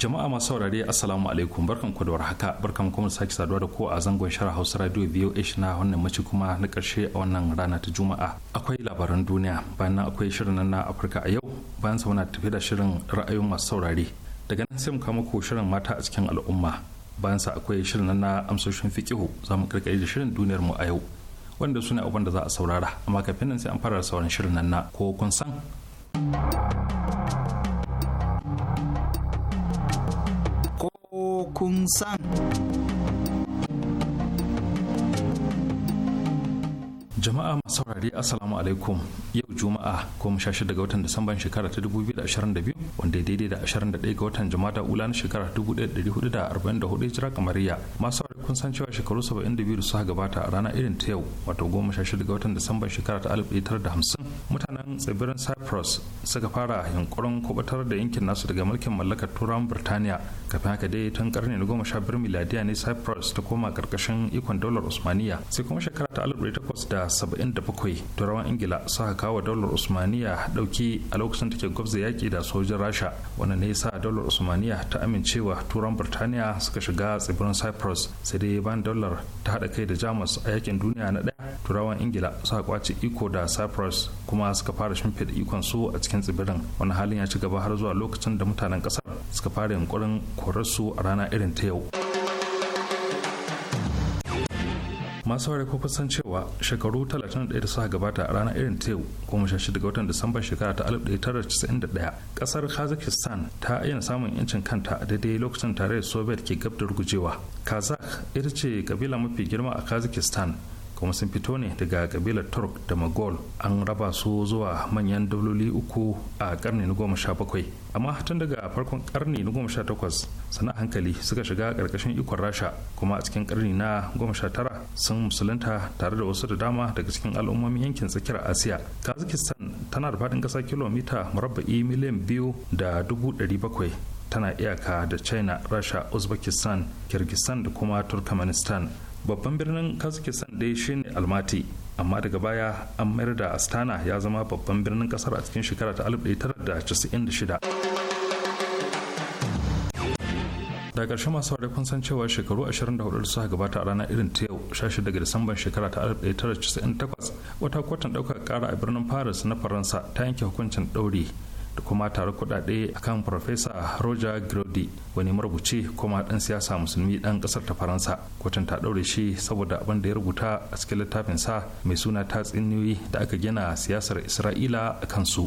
jama'a masu saurare assalamu alaikum barkan ku da warhaka barkan kuma sake saduwa da ko a zangon shara hausa radio voh na wannan mace kuma na karshe a wannan rana ta juma'a akwai labaran duniya bayan nan akwai shirin na afirka a yau bayan sa muna tafi da shirin ra'ayoyin masu saurare daga nan sai mu kama ko shirin mata a cikin al'umma bayan sa akwai shirin na amsoshin fikihu za mu karkare da shirin duniyar mu a yau wanda sune abin da za a saurara amma kafin nan sai an fara sauran shirin nan na ko kun san kun san. Jama'a masu saurari Assalamu alaikum yau Juma'a goma sha shida ga watan Disamban shekara ta 2022 wanda daidai da 21 ga watan Jama'a ula na shekara 1444 Hijira kamariya masu kun san cewa shekaru 72 da suka gabata a rana irin ta yau wato 16 ga watan disamba shekara ta 1950 mutanen tsibirin Cyprus suka fara yunkurin kubatar da yankin nasu daga mulkin mallakar turawan Birtaniya kafin haka dai tun karni na 15 miladiya ne Cyprus ta koma karkashin ikon daular Usmaniya sai kuma shekara ta 1877 turawan Ingila suka kawo daular Usmaniya dauki a lokacin take gwabza yaki da sojin Rasha wannan ne ya sa daular Usmaniya ta amincewa turan Birtaniya suka shiga tsibirin Cyprus sai dai ban dollar ta hada kai da jamus a yakin duniya na ɗaya turawan ingila suka kwace iko da cyprus kuma suka fara shimfiɗa ikon su a cikin tsibirin wani halin ya ci gaba har zuwa lokacin da mutanen ƙasar suka fara yunkurin su a rana irin ta yau. masu ware ko kusan cewa shekaru 31 da suka gabata a ranar irin ta yau goma sha shida ga watan disambar shekara ta 1991 kasar kazakhstan ta samun yancin kanta a daidai lokacin tare da soviet ke gab gujewa rugujewa kazakh ita ce kabila mafi girma a kazakhstan kuma sun fito ne daga kabilar turk da magol an raba su zuwa manyan daloli uku a karni na goma sha bakwai amma tun daga farkon karni na goma sha takwas sana hankali suka shiga karkashin ikon rasha kuma a cikin karni na goma sha tara sun musulunta tare da wasu da dama daga cikin al'ummomin yankin tsakiyar asiya kazakistan tana da faɗin ƙasa kilomita murabba'i miliyan biyu da dubu ɗari bakwai tana iyaka da china rasha uzbekistan kirgistan da kuma turkmenistan babban birnin kazakistan dai shine almaty amma daga baya an mayar da astana ya zama babban birnin kasar a cikin shekara ta 1996 da ƙarshe masu ware kun san cewa shekaru 24 da suka gabata a ranar irin ta yau 16 daga disamban shekara ta 1998 wata kwatan ɗaukar ƙara a birnin paris na faransa ta yanke hukuncin ɗauri da kuma tare kudade akan Profesa Roger Grody wani marubuci kuma dan siyasa musulmi dan kasar ta Faransa kwatan ta daure shi saboda abin da ya rubuta a cikin littafin sa mai suna tatsuniyoyi da aka gina siyasar Isra'ila a kansu.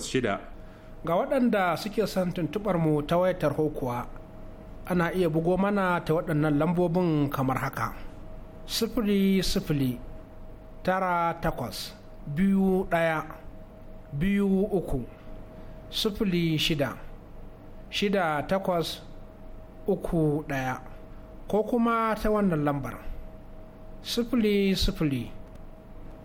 shida. Ga waɗanda suke son tuntuɓarmu mu ta wayar kuwa ana iya bugo mana ta waɗannan lambobin kamar haka. Sifili sifili tara takwas biyu ɗaya biyu uku sifili shida shida takwas uku ɗaya ko kuma ta wannan lambar sifili sifili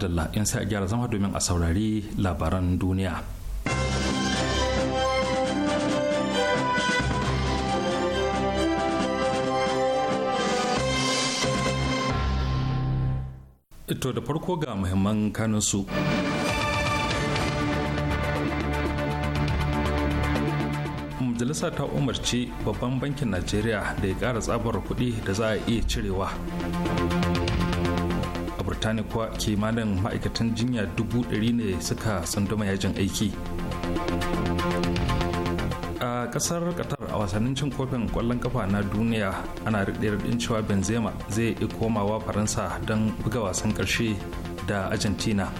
madalla in sai a gyara zama domin a saurari labaran duniya ito da farko ga muhimman kanunsu majalisa ta umarci babban bankin najeriya da ya ƙara tsabar kuɗi da za a iya cirewa birtaniya kuwa kimanin ma'aikatan jinya dubu ɗari ne suka sanduma yajin aiki a ƙasar qatar a wasannin cin kofin ƙwallon kafa na duniya ana riɗe cewa benzema zai iya komawa faransa don buga wasan ƙarshe da argentina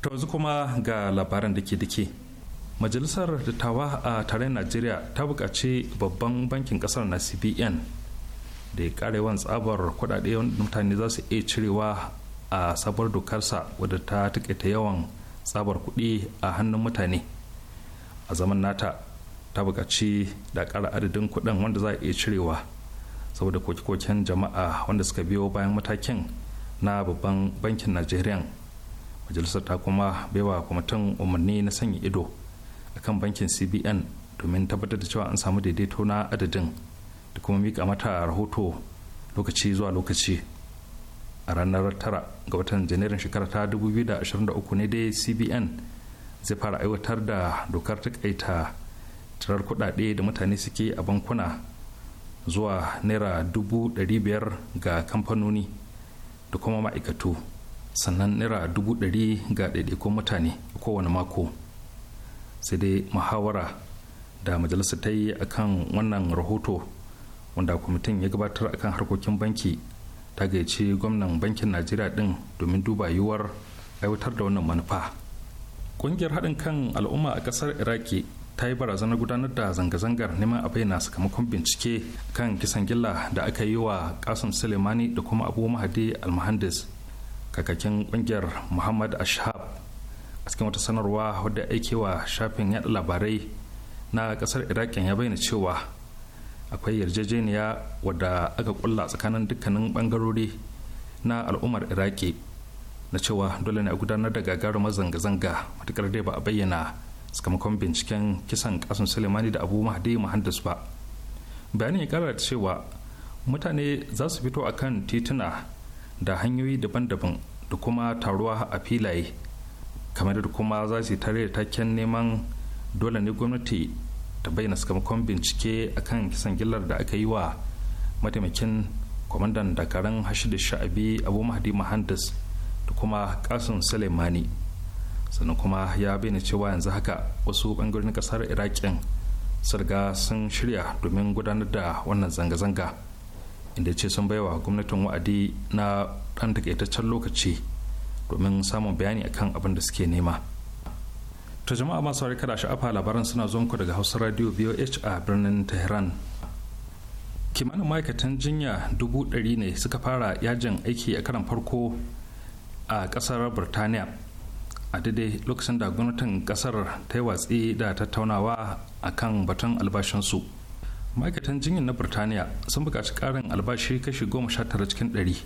ta yanzu kuma ga labaran da ke dake majalisar dattawa a tare najeriya ta buƙaci babban bankin ƙasar na cbn da ya kara yawan tsabar kudade wanda mutane za su iya cirewa a sabuwar dokarsa wadda ta taƙaita yawan tsabar kuɗi a hannun mutane a zaman nata ta buƙaci da ƙara adadin kuɗin wanda za a iya cirewa saboda koke-koken jama'a wanda suka biyo bayan matakin na babban bankin najeriya majalisar ta kuma baiwa kwamitin umarni na sanya ido akan bankin cbn domin tabbatar da cewa an samu daidaito na adadin da kuma mika mata rahoto lokaci zuwa lokaci a ranar tara ga watan janairun shekara ta 2023 ne dai cbn zai fara aiwatar da dokar takaita tarar kudade da mutane suke a bankuna zuwa naira 500,000 ga kamfanoni da kuma ma'aikatu sannan naira 100,000 ga ɗaiɗaikun mutane kowane mako sai dai muhawara da majalisa ta yi akan wannan rahoto wanda kwamitin ya gabatar akan harkokin banki ta gaice gwamnan bankin najeriya din domin duba yiwuwar aiwatar da wannan manufa ƙungiyar haɗin kan al'umma a ƙasar iraki ta yi barazanar gudanar da zanga-zangar neman a bayyana sakamakon bincike kan kisan gilla da aka yi wa kasim sulemani da kuma abu mahadi almuhandis kakakin ƙungiyar muhammad ashab a cikin wata sanarwa wadda aikewa shafin yaɗa labarai na ƙasar iraki ya bayyana cewa akwai yarjejeniya wadda aka kulla tsakanin dukkanin bangarori na al'ummar iraki na cewa dole ne a gudanar da gagarumar zanga-zanga matukar dai ba a bayyana sakamakon binciken kisan kasan sulemani da abu mahdi muhandis ba bayanin ya kara da cewa mutane za su fito akan tituna da hanyoyi daban-daban da kuma taruwa a filaye kamar da kuma za su tare da taken neman dole ne gwamnati ta bayyana sakamakon bincike akan kisan gillar da aka yi wa mataimakin kwamandan dakarun hashidu sha'abi abu mahdi mahandas da kuma kasun suleimani sannan kuma ya bayyana cewa yanzu haka wasu bangarorin kasar iraƙin sarga sun shirya domin gudanar da wannan zanga-zanga inda ce sun baiwa gwamnatin wa'adi na ɗan takaitaccen lokaci domin samun bayani akan abin da suke nema. to jama'a masu kada da sha'afa labaran suna zuwan ku daga hausa radio BOH a birnin tehran kimanin ma'aikatan jinya dubu ɗari ne suka fara yajin aiki a karan farko a ƙasar birtaniya a daidai lokacin da gwamnatin ƙasar ta yi watsi da tattaunawa a kan batun albashinsu ma'aikatan jinyar na birtaniya sun buƙaci ƙarin albashi kashi goma sha tara cikin ɗari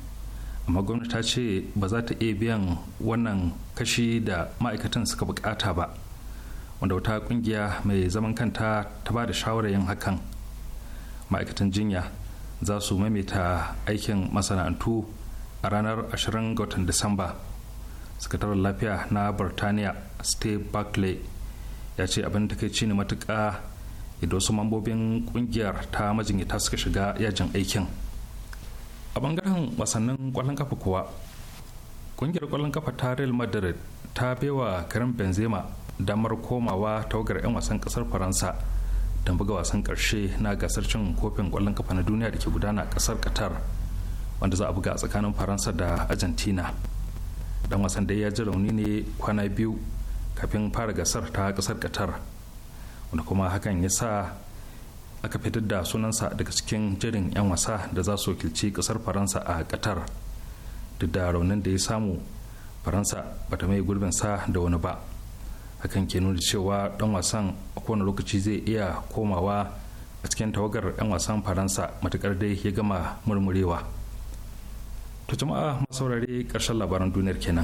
amma gwamnati ta ce ba za ta iya biyan wannan kashi da ma'aikatan suka buƙata ba wanda wata kungiya mai zaman kanta ta ba da shawarar yin hakan ma'aikatan jinya za su maimaita aikin masana'antu a ranar 20 ga watan disamba sakataren lafiya na birtaniya steve barclay ya ce abin da takaici ne matuka idan wasu mambobin kungiyar ta majinyata suka shiga yajin aikin a bangaren wasannin kwallon kafa kuwa kungiyar kwallon kafa ta real madrid ta wa karim benzema damar komawa tawagar 'yan wasan kasar faransa don buga wasan karshe na gasar cin kofin kwallon kafa na duniya da ke gudana a kasar qatar wanda za a buga a tsakanin faransa da argentina dan wasan da ya ji rauni ne kwana biyu kafin fara gasar ta kasar qatar wanda kuma hakan ya sa aka fitar da sunansa daga cikin jirin 'yan wasa da za su wakilci kasar faransa a qatar duk da raunin da ya samu faransa bata mai sa da wani ba hakan ke nuna cewa dan wasan a kowane lokaci zai iya komawa a cikin tawagar 'yan wasan faransa matukar dai ya gama murmurewa to jama'a masaurare karshen labaran duniyar kenan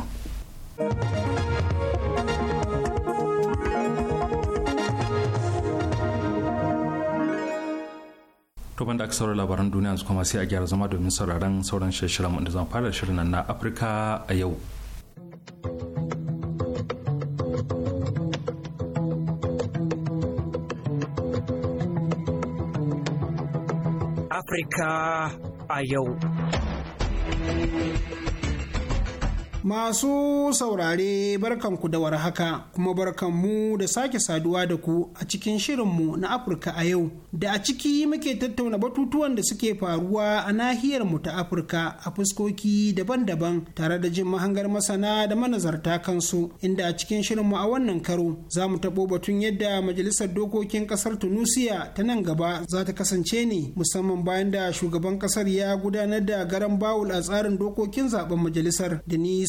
to banda aka saurari labaran duniya kuma sai a gyara zama domin sauraron sauran shirye-shiryen da zan fara shirin na afirka a yau Africa. Iyo. Masu saurare barkan ku da haka kuma barkan mu da sake saduwa da ku a cikin shirinmu na Afirka a yau da a ciki muke tattauna batutuwan da suke faruwa a nahiyar mu ta Afirka a fuskoki daban-daban tare da jin mahangar masana da manazarta kansu inda a cikin shirinmu a wannan karo za mu taɓo batun yadda majalisar dokokin ƙasar Tunusiya ta nan gaba za ta kasance ne musamman bayan da shugaban ƙasar ya gudanar da garan bawul a tsarin dokokin zaben majalisar da ni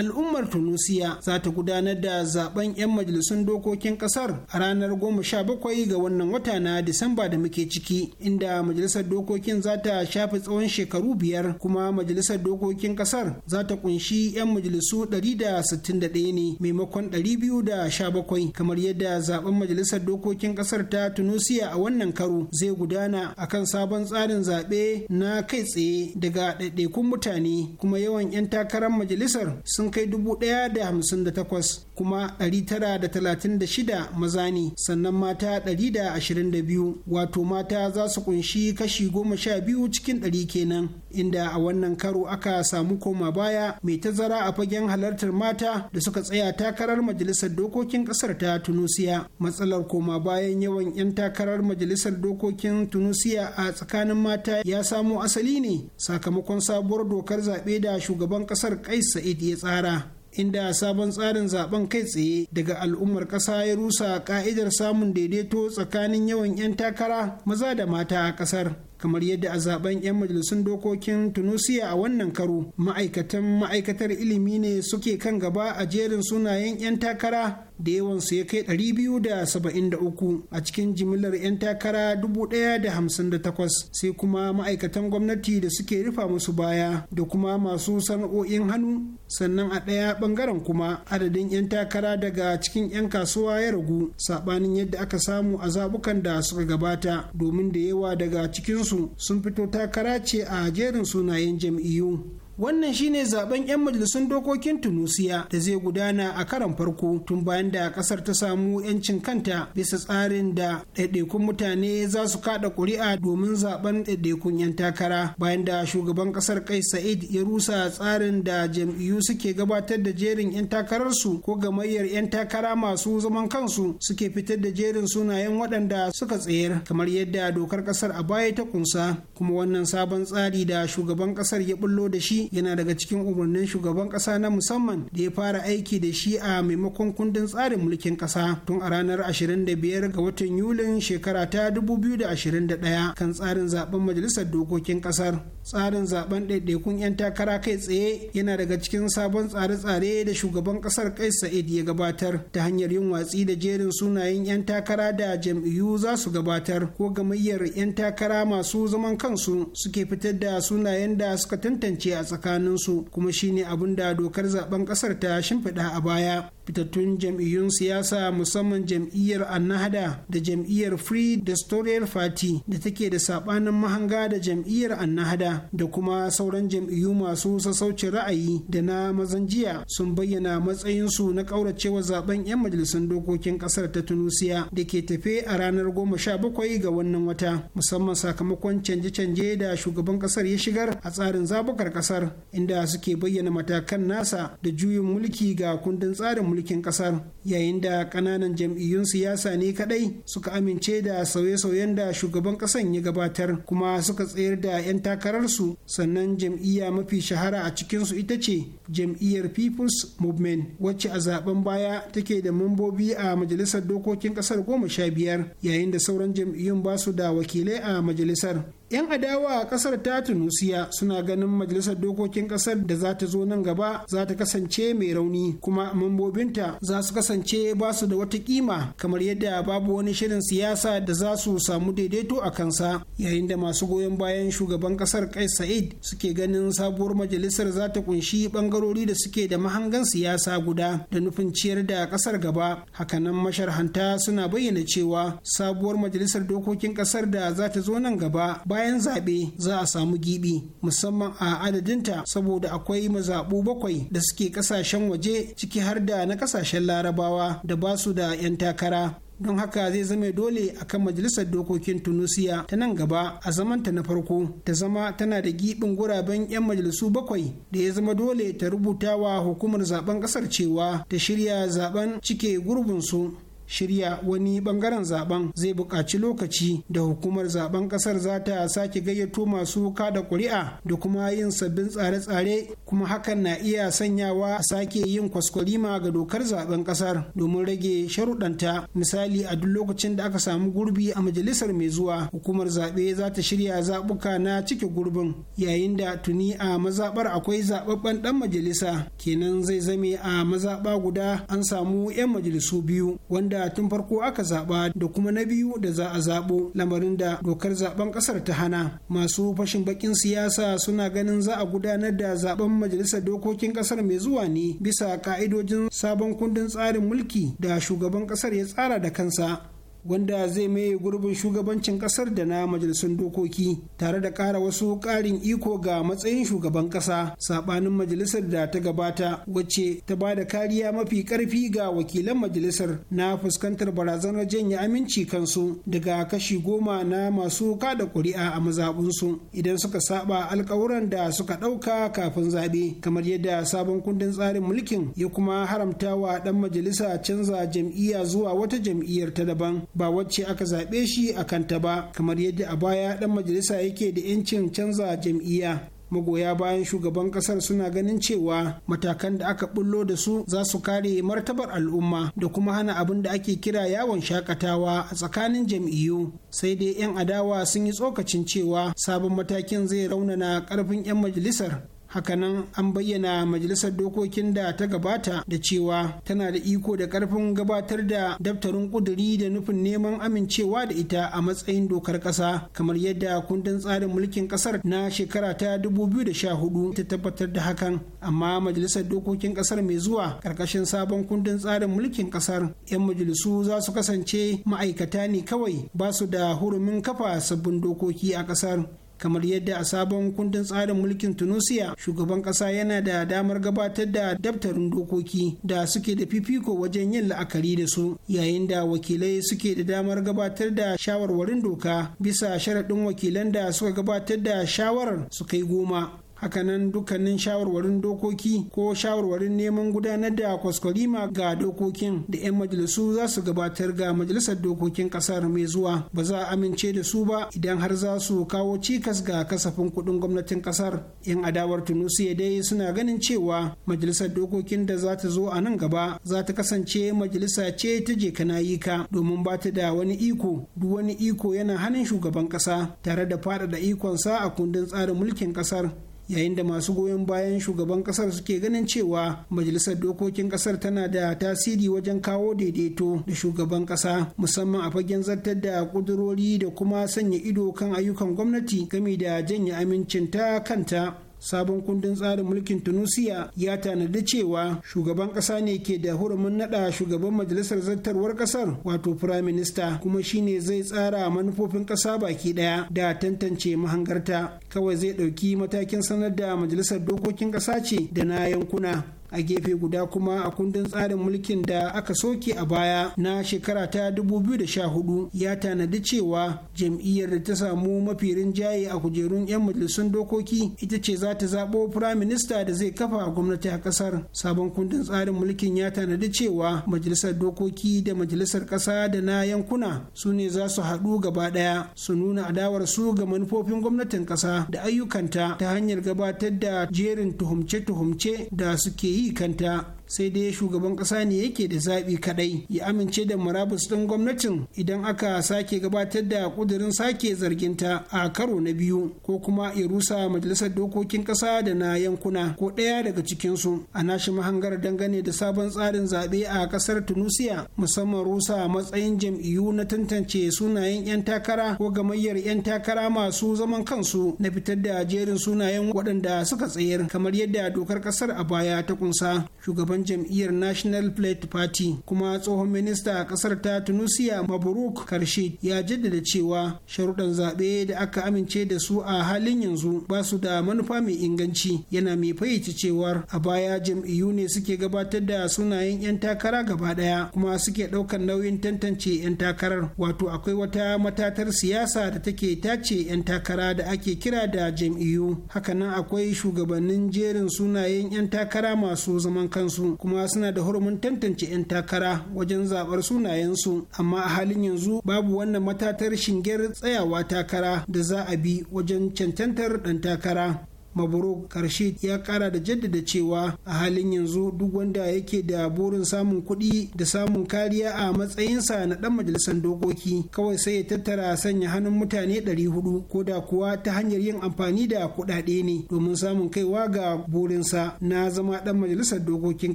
al'ummar tunusiya za ta gudanar da zaben 'yan majalisun dokokin kasar a ranar 17 ga wannan wata na disamba da muke ciki inda majalisar dokokin za ta shafi tsawon shekaru biyar kuma majalisar dokokin kasar za ta kunshi 'yan majalisu 161 ne maimakon 217 kamar yadda zaben majalisar dokokin kasar ta tunusiya a wannan karo zai gudana a kan sabon tsarin zaɓe na kai tsaye daga ɗaiɗaikun mutane kuma yawan 'yan takarar majalisar sun kai 1,058 kuma 936 maza ne sannan mata 122 wato mata za su kunshi kashi 12 cikin 100 kenan inda a wannan karo aka samu koma baya mai tazara a fagen halartar mata da suka tsaya takarar majalisar dokokin kasar ta tunusiya matsalar koma bayan yawan 'yan takarar majalisar dokokin tunusiya a tsakanin mata ya samo asali ne sakamakon sabuwar dokar zaɓe da shugaban kasar kais sa'id ya tsara inda sabon tsarin zaben kai tsaye daga al'ummar ƙasa ya rusa ka'idar samun daidaito tsakanin yawan 'yan takara maza da mata a ƙasar kamar yadda a zaben 'yan majalisun dokokin tunisia a wannan karo ma'aikatan ma'aikatar ilimi ne suke kan gaba a jerin sunayen 'yan takara da yawansu ya kai 273 a cikin jimillar 'yan takara 1,058 sai kuma ma'aikatan gwamnati da suke rufa musu baya da kuma masu sana'o'in hannu sannan a ɗaya ɓangaren kuma adadin 'yan takara daga cikin 'yan kasuwa ya ragu saɓanin yadda aka samu a zabukan da suka gabata domin da yawa daga cikin su sun fito takara ce a jerin sunayen jam'iyyu wannan shine zaben 'yan majalisun dokokin tunusiya da zai gudana a karan farko tun bayan da kasar ta samu 'yancin kanta bisa tsarin da ɗaiɗaikun mutane za su kada ƙuri'a domin zaben ɗaiɗaikun 'yan takara bayan da shugaban kasar kai sa'id ya rusa tsarin da jam'iyyu suke gabatar da jerin 'yan takararsu ko gamayyar 'yan takara masu zaman kansu suke fitar da jerin sunayen waɗanda suka tsayar kamar yadda dokar kasar a baya ta kunsa kuma wannan sabon tsari da shugaban kasar ya bullo da shi yana daga cikin umarnin shugaban kasa na musamman da ya fara aiki da shi a maimakon kundin tsarin mulkin kasa tun a ranar 25 ga watan yulin shekara ta 2021 kan tsarin zaben majalisar dokokin kasar tsarin zaben ɗaiɗaikun 'yan takara kai tsaye yana daga cikin sabon tsare-tsare da shugaban kasar kai sa'id ya gabatar ta hanyar yin watsi da jerin sunayen 'yan takara da jam'iyyu za su gabatar ko gamayyar 'yan takara masu zaman kansu suke fitar da sunayen da suka tantance a tsakaninsu kuma shine abin da dokar zaben kasar ta shimfiɗa a baya fitattun jam'iyyun siyasa musamman jam'iyyar annahada da jam'iyyar free destorial party da take da sabanin mahanga da jam'iyyar annahada da kuma sauran jam'iyyu masu sassauci ra'ayi da na mazan jiya sun bayyana matsayinsu na kauracewa zaben 'yan majalisun dokokin ƙasar ta tunusiya da ke tafe a ranar goma sha bakwai ga wannan wata musamman sakamakon canje-canje da shugaban ƙasar ya shigar a tsarin zabukar ƙasar inda suke bayyana matakan nasa da juyin mulki ga kundin tsarin mulki mulkin kasar yayin da kananan jam'iyyun siyasa ne kadai suka amince da sauye-sauyen da shugaban kasan ya gabatar kuma suka tsayar da 'yan takararsu sannan jam'iyya mafi shahara a cikinsu ita ce jam'iyyar people's movement wacce a zaben baya take da mambobi a majalisar dokokin kasar goma sha biyar yayin da sauran jam'iyyun ba su da wakilai a majalisar 'yan adawa a kasar ta tunusiya suna ganin majalisar dokokin kasar da za ta zo nan gaba za ta kasance mai rauni kuma mambobinta za su kasance ba su da wata kima kamar yadda babu wani shirin siyasa da za su samu daidaito a kansa yayin da masu goyon bayan shugaban kasar kais sa'id suke ganin sabuwar majalisar za ta kunshi bangarori da suke da mahangan siyasa guda da nufin ciyar da kasar gaba hakanan masharhanta suna bayyana cewa sabuwar majalisar dokokin kasar da za ta zo nan gaba bayan zaɓe za a samu giɓi musamman a adadinta saboda akwai mazaɓu bakwai da suke ƙasashen waje ciki har da na ƙasashen larabawa da ba su da 'yan takara don haka zai zama dole a kan majalisar dokokin tunisia ta nan gaba a zamanta na farko ta zama tana da giɓin guraben 'yan majalisu bakwai da ya zama dole ta rubuta wa hukumar zaben ƙasar cewa ta shirya zaben cike gurbinsu shirya wani bangaren zaben zai buƙaci lokaci da hukumar zaben ƙasar za ta sake gayyato masu kada ƙuri'a da kuma yin sabbin tsare-tsare kuma hakan na iya sanyawa a sake yin kwaskwarima ga dokar zaben ƙasar domin rage sharuɗanta misali a duk lokacin da aka samu gurbi a majalisar mai zuwa hukumar zaɓe za ta shirya zaɓuka na cike gurbin yayin da tuni a mazaɓar akwai zaɓaɓɓen ɗan majalisa kenan zai zame a mazaɓa guda an samu 'yan majalisu biyu wanda da tun farko aka zaɓa da kuma na biyu da za a zaɓo lamarin da dokar zaben ƙasar ta hana masu fashin bakin siyasa suna ganin za a gudanar da zaben majalisar dokokin ƙasar mai zuwa ne bisa ka'idojin sabon kundin tsarin mulki da shugaban ƙasar ya tsara da kansa wanda zai maye gurbin shugabancin kasar da na majalisun dokoki tare da ƙara wasu ƙarin iko ga matsayin shugaban ƙasa saɓanin majalisar da ta gabata wacce ta ba da kariya mafi ƙarfi ga wakilan majalisar na fuskantar barazanar janye aminci kansu daga kashi goma na masu kada ƙuri'a a mazaɓunsu idan suka saba alkawuran da suka ɗauka kafin zaɓe kamar yadda sabon kundin tsarin mulkin ya kuma haramta wa ɗan majalisa canza jam'iyya zuwa wata jam'iyyar ta daban ba wacce aka zaɓe shi a kanta ba kamar yadda a baya ɗan majalisa yake da 'yancin canza jam'iyya magoya bayan shugaban ƙasar suna ganin cewa matakan da aka bullo da su za su kare martabar al'umma da kuma hana abin da ake kira yawon shakatawa a tsakanin jam'iyyu sai dai 'yan adawa sun yi tsokacin cewa sabon matakin zai raunana ƙarfin 'yan majalisar hakanan an bayyana majalisar dokokin da ta gabata da cewa tana da iko da karfin gabatar da daftarin kuduri da nufin neman amincewa da ita a matsayin dokar kasa kamar yadda kundin tsarin mulkin kasar na shekara ta 2014 ta tabbatar da hakan amma majalisar dokokin kasar mai zuwa karkashin sabon kundin tsarin mulkin kasar 'yan majalisu za su kasance ma'aikata ne kawai ba su da hurumin kafa sabbin dokoki a kasar kamar yadda a sabon kundin tsarin mulkin tunisia shugaban ƙasa yana da damar gabatar da daftarin dokoki da suke da fifiko wajen yin la'akari da su yayin da wakilai suke da damar gabatar da shawarwarin doka bisa sharaɗin wakilan da suka gabatar da shawarar su kai goma hakanan dukkanin shawarwarin dokoki ko shawarwarin neman gudanar da kwaskwarima ga dokokin da 'yan majalisu za su gabatar ga majalisar dokokin kasar mai zuwa ba za a amince da su ba idan har za su kawo cikas ga kasafin kuɗin gwamnatin kasar 'yan adawar tunusiya dai suna ganin cewa majalisar dokokin da za ta zo a nan gaba za ta kasance majalisa ce ta je kanayika domin ba ta da wani iko duk wani iko yana hannun shugaban kasa tare da faɗaɗa ikonsa a kundin tsarin mulkin kasar yayin da masu goyon bayan shugaban kasar suke ganin cewa majalisar dokokin kasar tana da tasiri wajen kawo daidaito da shugaban kasa musamman a fagen zartar da kudurori da kuma sanya ido kan ayyukan gwamnati game da janye amincinta kanta sabon kundin tsarin mulkin tunisia ya tanadi cewa shugaban ƙasa ne ke da hurumin naɗa shugaban majalisar zartarwar ƙasar wato prime minister kuma shine zai tsara manufofin ƙasa baki ɗaya da tantance mahangarta kawai zai ɗauki matakin sanar da majalisar dokokin ƙasa ce da na yankuna a gefe guda kuma a kundin tsarin mulkin da aka soke a baya na shekara ta 2014 ya tanadi cewa jam'iyyar da ta samu mafi rinjaye a kujerun 'yan majalisun dokoki ita ce za ta zaɓo firaminista da zai kafa a gwamnati a ƙasar sabon kundin tsarin mulkin ya tanadi cewa majalisar dokoki da majalisar ƙasa da na yankuna su ne za su haɗu gaba ɗaya su nuna adawar su ga manufofin gwamnatin ƙasa da ayyukanta ta hanyar gabatar da jerin tuhumce-tuhumce da suke yi kanta sai dai shugaban ƙasa ne yake da zaɓi kaɗai ya amince da murabus ɗin gwamnatin idan aka sake gabatar da ƙudurin sake zargin ta a karo na biyu ko kuma ya rusa majalisar dokokin ƙasa da na yankuna ko ɗaya daga cikinsu a nashi mahangar dangane da sabon tsarin zaɓe a ƙasar tunisia musamman rusa matsayin jam'iyyu na tantance sunayen 'yan takara ko gamayyar 'yan takara masu zaman kansu na fitar da jerin sunayen waɗanda suka tsayar kamar yadda dokar ƙasar a baya ta kunsa shugaban shugaban jam'iyyar national plate party kuma tsohon minista a kasar ta tunisia mabruk karshe ya jaddada cewa sharuɗan zaɓe da aka amince da su a halin yanzu ba su da manufa mai inganci yana mai fayyace cewar a baya jam'iyyu ne suke gabatar da sunayen 'yan takara gaba ɗaya kuma suke ɗaukar nauyin tantance 'yan takarar wato akwai wata matatar siyasa da take tace 'yan takara da ake kira da jam'iyyu hakanan akwai shugabannin jerin sunayen 'yan takara masu zaman kansu kuma suna da hormon tantance 'yan takara wajen zabar sunayensu amma a halin yanzu babu wannan matatar shingiyar tsayawa takara da za a bi wajen cancantar ɗan takara maburu karshe ya kara da jaddada cewa a halin yanzu duk wanda yake da burin samun kuɗi da samun kariya a matsayinsa na ɗan majalisar dokoki kawai sai ya tattara sanya hannun mutane 400 ko da kuwa ta hanyar yin amfani da kuɗaɗe ne domin samun kaiwa ga burinsa na zama ɗan majalisar dokokin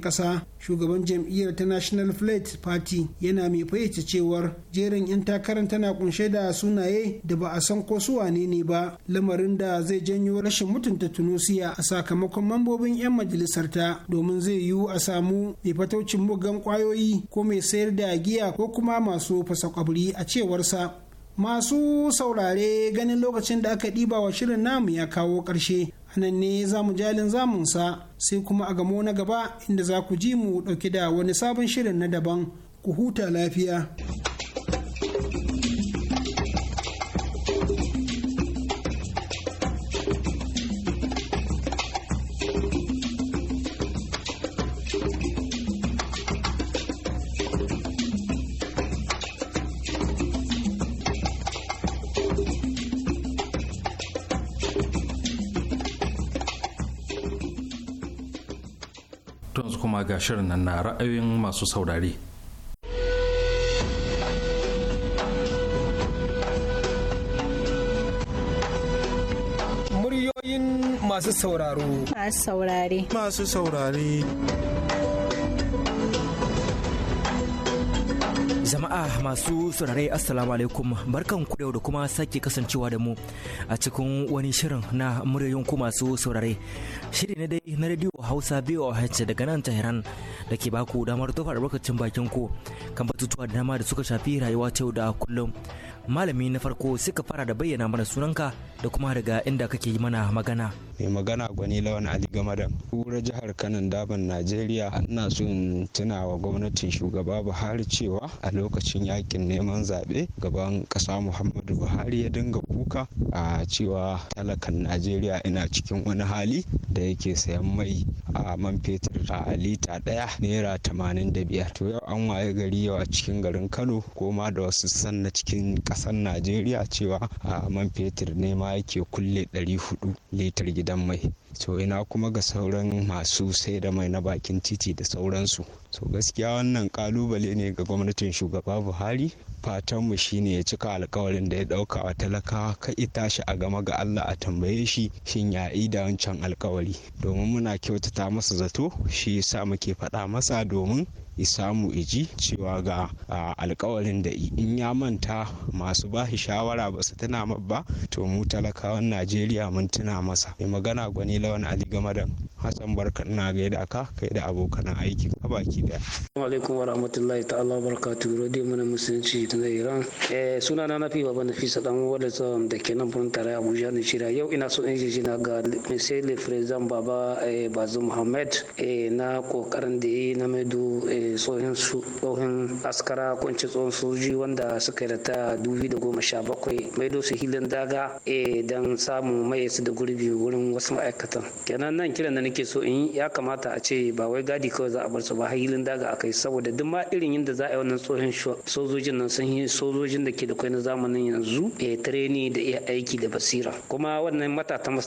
ƙasa shugaban jam'iyyar ta national flight party yana mai fayyace cewar jerin 'yan takarar tana kunshe da sunaye da ba a san ko su wane ne ba lamarin da zai janyo rashin mutunta da tunisia a sakamakon mambobin 'yan majalisar ta domin zai yiwu a samu mai fataucin muggan kwayoyi ko mai sayar da giya ko kuma masu fasa kwabri a cewarsa masu saurare ganin lokacin da aka ɗiba wa shirin namu ya kawo ƙarshe nan ne za mu jalin zamunsa sai kuma a gamo na gaba inda za ku ji mu ɗauki da wani sabon shirin na daban ku huta lafiya. to su kuma ga shirin nan na ra'ayoyin masu saurare muryoyin masu sauraro masu saurare masu saurare Jama'a masu saurare Assalamu alaikum barkan ku da kuma sake kasancewa da mu a cikin wani shirin na muryoyin ku masu saurare. Shiri na dai na radio Hausa BOH daga nan Tehran da ke baku damar tofa albarkacin bakin ku kan batutuwa da dama da suka shafi rayuwa ta yau da kullum. Malami na farko suka fara da bayyana mana sunanka da kuma daga inda kake yi mana magana. mai magana gwani lawan ali gamadan kura jihar kanan daban najeriya ina so in tuna wa gwamnatin shugaba buhari cewa a lokacin yakin neman zaɓe gaban ƙasa muhammadu buhari ya dinga kuka a cewa talakan najeriya ina cikin wani hali da yake sayan mai a man fetur a lita ɗaya naira tamanin da biyar to yau an waye gari yau a cikin garin kano ko ma da wasu sanna cikin ƙasar najeriya cewa a man fetur ne ma ake kulle 400 litar gidan mai so ina kuma ga sauran masu sai da mai na bakin titi da sauransu so gaskiya wannan kalubale ne ga gwamnatin shugaba buhari fatanmu shine ya cika alkawarin da ya dauka wa talakawa ka ita shi a gama ga allah a tambaye shi shin ya yi da wancan alkawari domin muna kyautata masa zato shi yasa muke faɗa masa domin isamu iji cewa ga alkawarin da in ya manta masu ba shi shawara ba su tuna ba to mu talakawan najeriya mun tuna masa mai magana gwani lawan ali gamadan hassan barka ina gaida ka kai da abokan aiki a baki daya alaikum wa rahmatullahi ta'ala barakatu radio mana musulunci ta na iran eh, suna na nafi baba nafisa dan wanda tsawon da ke nan burin tare abuja ne shirya yau ina so in ji na ga misali prezan baba eh, bazu muhammad eh, na kokarin da ya yi na maido tsohon tsohon askara ko tsohon soji wanda suka yi da ta dubi da goma sha bakwai maido su hilin daga eh, don samu mai su da gurbi wurin wasu ma'aikatan kenan nan kiran da nake so in ya kamata a ce ba wai gadi kawai za a bar su ba har hilin daga akai saboda duk ma irin yadda za a yi wannan tsohon sojojin nan sun yi sojojin da ke da kwai na zamanin yanzu e eh, tireni da iya aiki da basira kuma wannan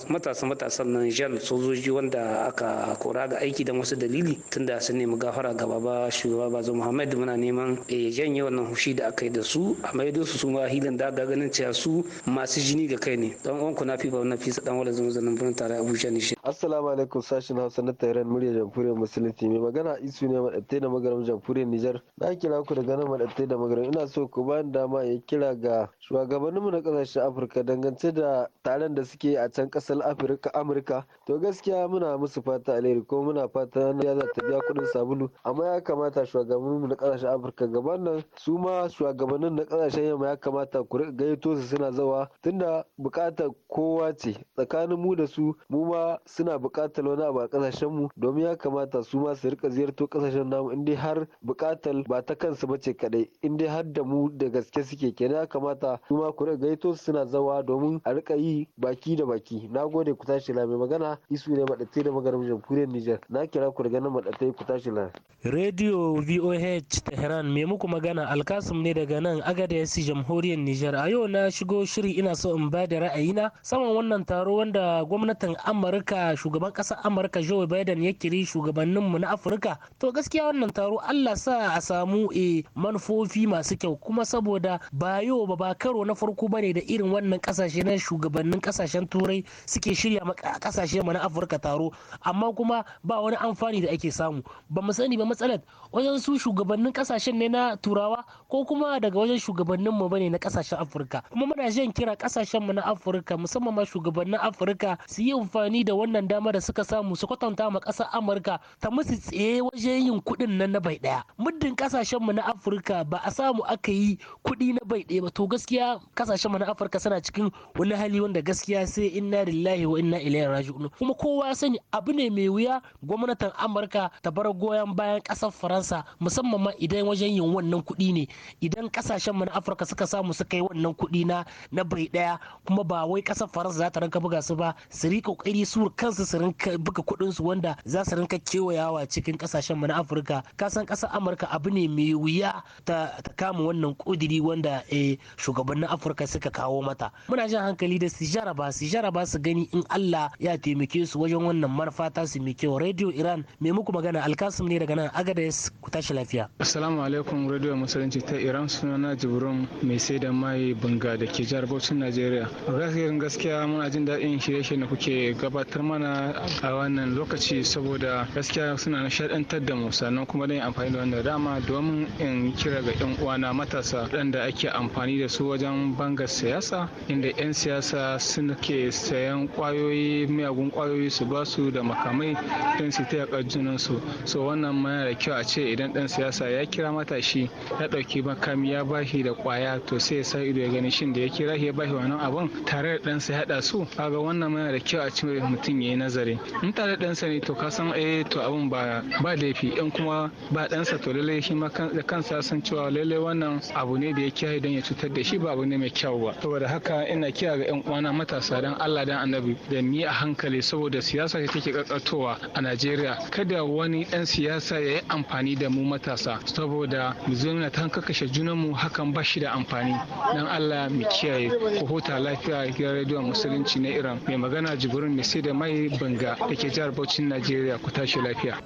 matasa matasan nan jan sojoji wanda aka kora ga aiki da wasu dalili tunda sun nemi gafara gaba ba shugaba zo muhammad muna neman ya eh, janye wannan hushi da aka yi da su a maido su suma hilin da ga ganin cewa su masu jini ga kai ne dan uwan ku na fi ba wannan fisa dan wala zan zanen burin tare abuja ne shi assalamu alaikum sashin hausa na tehran murya jamhuriyar musulunci mai magana isu ne madatte da magaram jamhuriyar nijar na kira ku daga nan madatte da magaram ina so ku bani dama ya kira ga shugabanninmu na kasashen afirka dangance da taron da suke a can kasar afirka amurka to gaskiya muna musu fata alheri ko muna fata ya za ta biya kuɗin sabulu amma ya kamata shugabanninmu na kasashen afirka gaban nan su ma shugabannin na kasashen yamma ya kamata ku riƙa gaito su suna zawa tunda buƙatar kowa ce tsakanin mu da su mu ma suna buƙatar wani abu a kasashen mu domin ya kamata su ma su rika ziyarto kasashen namu in dai har buƙatar ba ta kansu ba ce kadai in dai har da mu da gaske suke kenan ya kamata su ma ku riƙa gaito su suna zawa domin a rika yi baki da baki na gode ku tashi la mai magana isu ne maɗatai da mu jamhuriyar Nijar na kira ku daga nan maɗatai ku tashi la. Radio Radio VOH Tehran mai muku magana Alkasim ne daga nan Agadez Jamhuriyar Nijar. A yau na shigo shiri ina so in ba da ra'ayina saman wannan taro wanda gwamnatin Amurka shugaban ƙasar Amurka Joe Biden ya kiri shugabanninmu na Afirka. To gaskiya wannan taro Allah sa a samu e manufofi masu kyau kuma saboda ba yau ba ba karo na farko ne da irin wannan kasashe na shugabannin kasashen turai suke shirya kasashe mu na Afirka taro amma kuma ba wani amfani da ake samu ba mu sani ba matsalar wajen su shugabannin kasashen ne na turawa ko kuma daga wajen shugabannin mu bane na kasashen afirka kuma muna jan kira kasashen mu na afirka musamman ma shugabannin afirka su yi amfani da wannan dama da suka samu su kwatanta ma kasar amurka ta musu tsaye wajen yin kuɗin nan na bai daya muddin kasashen mu na afirka ba a samu aka yi kuɗi na bai daya ba to gaskiya kasashen mu na afirka suna cikin wani hali wanda gaskiya sai inna lillahi wa inna ilaihi raji'un kuma kowa sani abu ne mai wuya gwamnatin amurka ta bar goyon bayan kasar faransa musamman ma idan wajen yin wannan kuɗi ne idan kasashen mu na afirka suka samu suka yi wannan kuɗi na na bai ɗaya kuma ba wai ƙasar faransa za ta rinka buga su ba su riƙa ƙoƙari su kansu su rinka buga kuɗin su wanda za su rinka kewayawa cikin kasashen mu na afirka kasan ƙasar amurka abu ne mai wuya ta, kama wannan ƙudiri wanda eh, shugabannin afirka suka kawo mata muna jan hankali da su jaraba su jaraba su gani in allah ya taimake su wajen wannan manufa ta su mai kyau radio iran mai muku magana alkasim ne daga nan agada Paris ku tashi lafiya. Assalamu alaikum Radio Musulunci ta Iran sunana Jibrin mai sai da mai bunga da ke jihar Bauchi Najeriya. Gaskiyar gaskiya muna jin daɗin shirye-shirye da kuke gabatar mana a wannan lokaci saboda gaskiya suna nishaɗantar da mu sannan kuma dan amfani da wannan dama domin in kira ga 'yan uwana matasa waɗanda ake amfani da su wajen banga siyasa inda 'yan siyasa ke sayan kwayoyi miyagun kwayoyi su basu da makamai don su taya junan su so wannan ma yana da kyau a ce idan dan siyasa ya kira matashi ya ɗauki makami ya bashi da kwaya to sai ya sa ido ya gani shin da ya kira ya bashi wannan abun tare da ɗansa ya haɗa su kaga wannan yana da kyau a cikin mutum ya yi nazari in tare da ɗansa ne to ka san eh to abun ba ba laifi in kuma ba ɗansa to lallai shi da kansa san cewa lalle wannan abu ne da ya kiyaye don ya cutar da shi ba abu ne mai kyau ba saboda haka ina kira ga yan uwana matasa dan Allah dan annabi da ni a hankali saboda siyasa ce take kakkatowa a Najeriya kada wani dan siyasa ya yi amfani da mu matasa saboda mu na ta kakashe junanmu hakan ba shi da amfani dan Allah mu kiyaye ku huta lafiya ga rediyon musulunci na Iran mai magana Jibrin mai sai da mai banga da jihar Bauchi Najeriya ku tashi lafiya.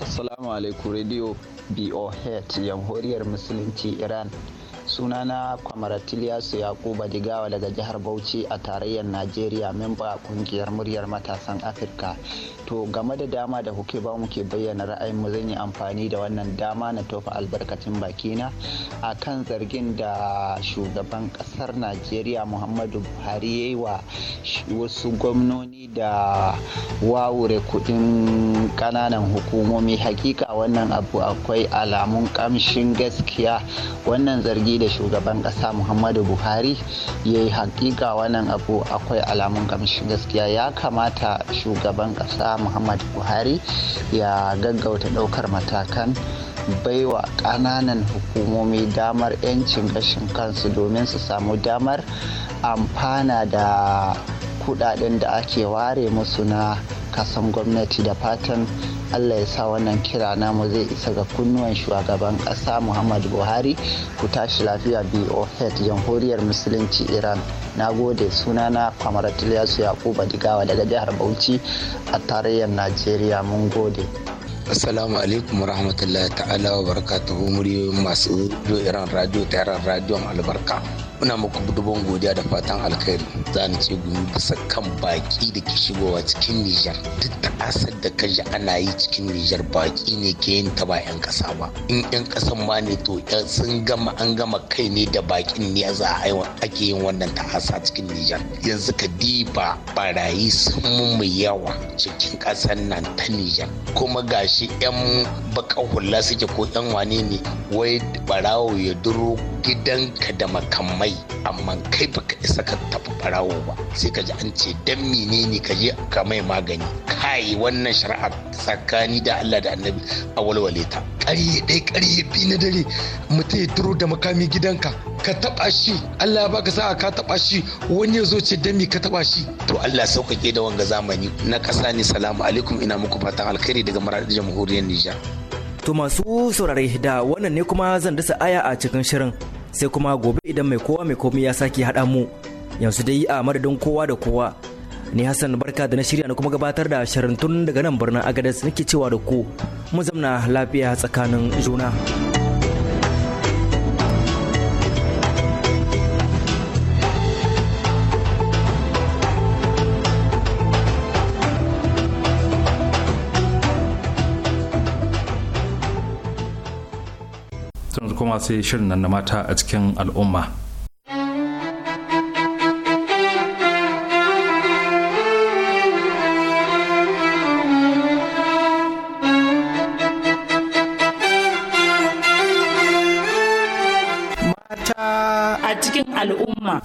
Assalamu alaikum Radio BOH Jamhuriyar Musulunci Iran. sunana kwamaratiliyasu yakuba digawa daga jihar bauchi a tarayyar najeriya memba kungiyar muryar matasan afirka to game da dama da kuke ba muke bayyana ra'ayin mu zan yi amfani da wannan dama na tofa albarkacin bakina a kan zargin da shugaban kasar najeriya muhammadu buhari ya yi wa wasu gwamnoni da wawure kudin kananan hukumomi hakika wannan abu akwai alamun kamshin gaskiya wannan zargi da shugaban ƙasa muhammadu buhari ya yi hakika wannan abu akwai alamun kamshin gaskiya ya kamata shugaban ƙasa muhammadu buhari ya gaggauta ɗaukar matakan baiwa ƙananan hukumomi damar 'yancin gashin kansu domin su samu damar amfana da kudaden da ake ware musu na kasan gwamnati da fatan Allah ya sa wannan kira namu zai isa ga kunnuwan shugaban ƙasa Muhammadu Buhari ku tashi lafiya ofet jamhuriyar musulunci Iran. Na gode sunana Kwamaratul Yasu Yakuba Digawa daga jihar Bauchi a tarayyar Najeriya mun gode. Assalamu alaikum rahmatullahi ta'ala wa barakatuhu muryoyin masu Iran radio ta Iran radio albarka. muna muku dubon godiya da fatan alkhairi za ni ce gumi bisa kan baki da ke shigowa cikin nijar duk ta'asar da ka ji ana yi cikin nijar baki ne ke yin ta ba 'yan ƙasa ba in 'yan ƙasan ma ne to sun gama an gama kai ne da bakin ne za a ake yin wannan ta'asa cikin nijar yanzu ka diba barayi sun mu yawa cikin ƙasar nan ta nijar kuma gashi 'yan baka hula suke ko 'yan wane ne wai barawo ya duro gidanka da makamai yi amma kai baka isa ka tafi barawo ba sai ka ji an ce dan menene ka je ka mai magani kai wannan shari'a tsakani da Allah da Annabi a walwale ta ƙarye ɗaya ƙarye biyu na dare mutum ya turo da makami gidanka ka taɓa shi Allah ba ka sa'a ka taɓa shi wani ya zo ce me ka taɓa shi to Allah sauƙaƙe da wanga zamani na ƙasa ne salamu alaikum ina muku fatan alkhairi daga maradin jamhuriyar Nijar. To masu saurare da wannan ne kuma zan dasa aya a cikin shirin sai kuma gobe idan mai kowa mai komi ya sake haɗa mu yanzu dai a madadin kowa da kowa ni hassan barka da na shirya na kuma gabatar da shirin tun daga nan birnin agadas nake cewa da ku mu zamna lafiya tsakanin juna. kuma sai shirin nan na mata a cikin al'umma mata a cikin al'umma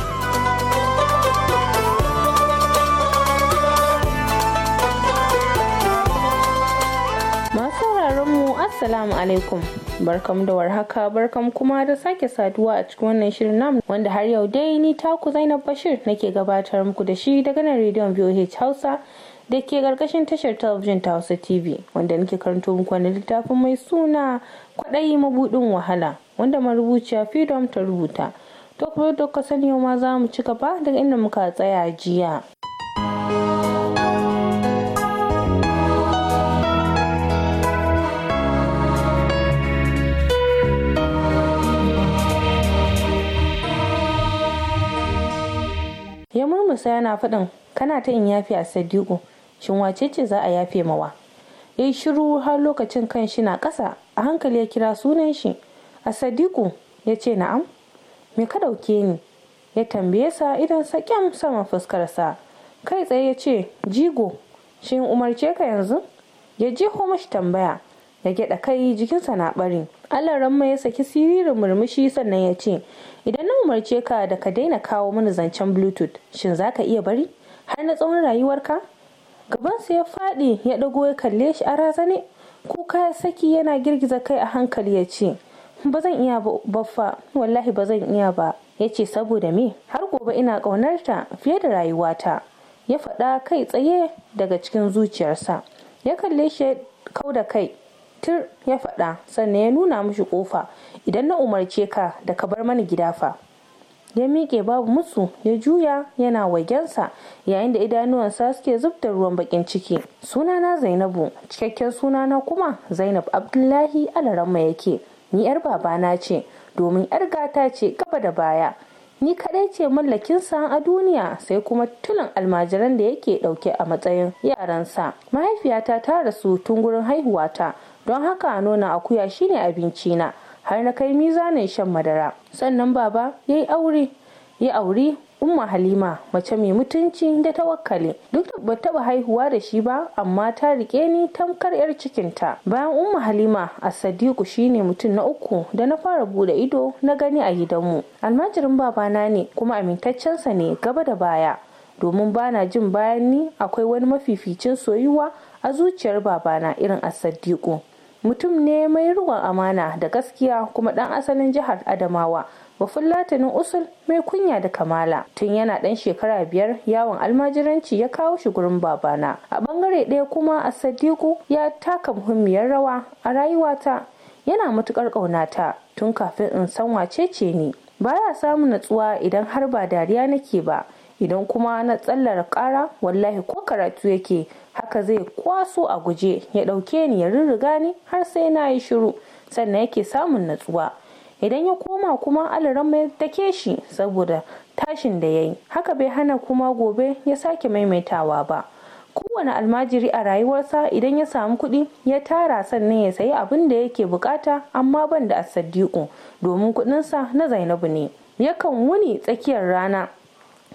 Assalamu alaikum. Barkam da warhaka barkam kuma da sake saduwa a cikin wannan shirin namu wanda har yau dai ni taku Zainab Bashir nake gabatar muku da shi daga nan rediyon VOH Hausa da ke karkashin tashar talabijin ta Hausa TV wanda nake karanto muku wani littafin mai suna kwaɗayi mabuɗin wahala wanda marubuciya Freedom ta rubuta. To kuma da ka sani yau ma za mu ci gaba daga inda muka tsaya jiya. ya murmusa yana faɗin kana ta in yafi a sadiku shin wace ce za a yafe mawa ya shiru har lokacin kan shi na ƙasa a hankali ya kira sunan shi a sadiku ya ce na'am me ka ɗauke ni ya tambaye sa idan saƙen sama fuskarsa kai tsaye ya ce jigo shin umarce ka yanzu ya je mashi tambaya ya gyaɗa kai jikinsa na ɓari allah ramma ya saki siririn murmushi sannan ya ce idan na umarce ka da ka daina kawo mini zancen bluetooth shin za ka iya bari har na tsawon rayuwarka gabansa ya faɗi ya ɗago ya kalle shi a razane kuka ya saki yana girgiza kai a hankali ya ce ba zan iya baffa wallahi ba zan iya ba ya ce saboda me har gobe ina ƙaunarta fiye da rayuwata ya faɗa kai tsaye daga cikin zuciyarsa ya kalle shi kau da kai tir ya faɗa sannan ya nuna mushi kofa idan na umarce ka da ka bar mani gida fa ya miƙe babu musu ya juya yana wagensa yayin da idanuwansa suke zub ruwan bakin ciki sunana zainabu cikakken sunana kuma zainab abdullahi alaramma yake ni yar babana ce domin yar gata ce gaba da baya ni kadai ce mallakin mallakinsa a duniya sai kuma tunan almajiran da yake dauke a matsayin yaransa mahaifiyata ta rasu tun gurin haihuwata don haka a nonon akuya shine abinci na har na kai mizanin shan madara sannan baba ya yi aure ya auri umma halima mace mai mutunci da tawakkali duk da ba taba haihuwa da shi ba amma ta rike ni tamkar yar cikinta bayan umma halima a sadiku shine mutum na uku da na fara bude ido na gani a gidanmu almajirin babana ne kuma amintaccensa ne gaba da baya domin bana jin bayan ni akwai wani mafificin soyuwa a zuciyar babana irin as-sadiku mutum ne mai ruwan amana da gaskiya kuma dan asalin jihar adamawa bafin latinin usul mai kunya da kamala tun yana dan shekara biyar yawon almajiranci ya kawo shi gurin babana a bangare ɗaya kuma a sadiku ya taka muhimmiyar rawa a rayuwata yana matukar ƙaunata tun kafin in san wacece ni baya samun natsuwa idan har ba dariya nake ba idan kuma na tsallar kara wallahi ko karatu yake haka zai kwaso a guje ya ɗauke ni ya rirriga ni har sai na yi shiru sannan yake samun natsuwa idan ya koma kuma alaran mai take shi saboda tashin da ya yi haka bai hana kuma gobe ya sake maimaitawa ba kowane almajiri a rayuwarsa idan ya samu kuɗi ya tara sannan ya sayi abin da yake bukata amma ban da asadiku domin kuɗinsa na zainabu ne yakan wuni tsakiyar rana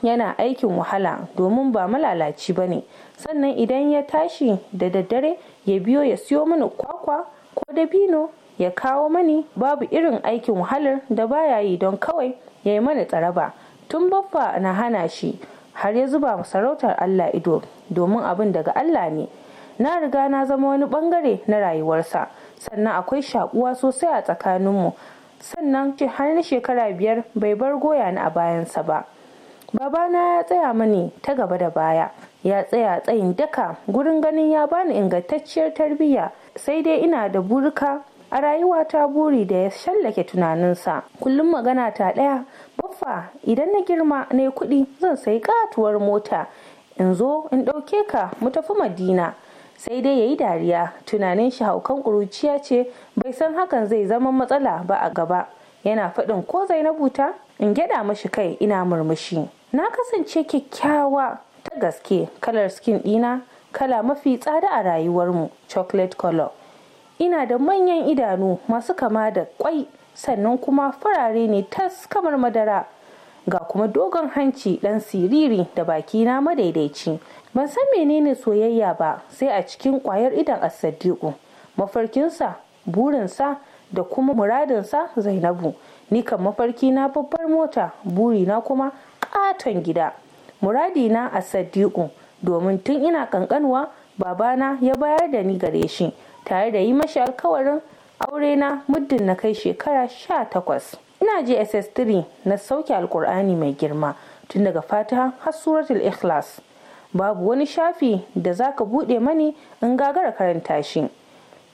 yana aikin wahala domin ba malalaci ba ne sannan idan ya tashi da daddare ya biyo ya siyo mana kwakwa ko dabino ya kawo mani babu irin aikin wahalar da baya yi don kawai ya yi mana tsaraba tun baffa na hana shi har ya zuba sarautar Allah ido domin abin daga Allah ne na riga na zama wani bangare na rayuwarsa sannan akwai shakuwa sosai a tsakaninmu sannan har na shekara biyar bai bar goya ni a bayansa ba babana ya tsaya mani ta gaba da baya ya tsaya tsayin daka gurin ganin ya bani ingantacciyar tarbiyya sai dai ina da burka a rayuwa ta buri da ya shallake tunaninsa kullum magana ta ɗaya baffa idan na girma na yi kuɗi zan sayi katuwar mota in zo in ɗauke ka mu tafi madina sai dai ya yi dariya tunanin shi haukan ƙuruciya ce bai san hakan zai zama matsala ba a gaba yana faɗin ko zainabu ta in gyaɗa mashi kai ina murmushi na kasance kyakkyawa ta gaske kalar skin dina, kala mafi tsada a rayuwarmu chocolate color ina da manyan idanu masu kama da kwai sannan kuma farare ne tas kamar madara ga kuma dogon hanci ɗan siriri da baki na madaidaici ban san menene soyayya ba sai a cikin kwayar idan asaddiku mafarkinsa burinsa da kuma muradinsa zainabu ni kan mafarki na babbar mota burina kuma katon gida muradi na a sadiku domin tun ina kankanwa babana ya bayar da ni gare shi tare da yi mashi alkawarin aure na muddin na kai shekara sha takwas. ina je ss 3 na sauke alkur'ani mai girma tun daga fatiha har suratul ikhlas babu wani shafi da zaka bude mani in gagara karanta shi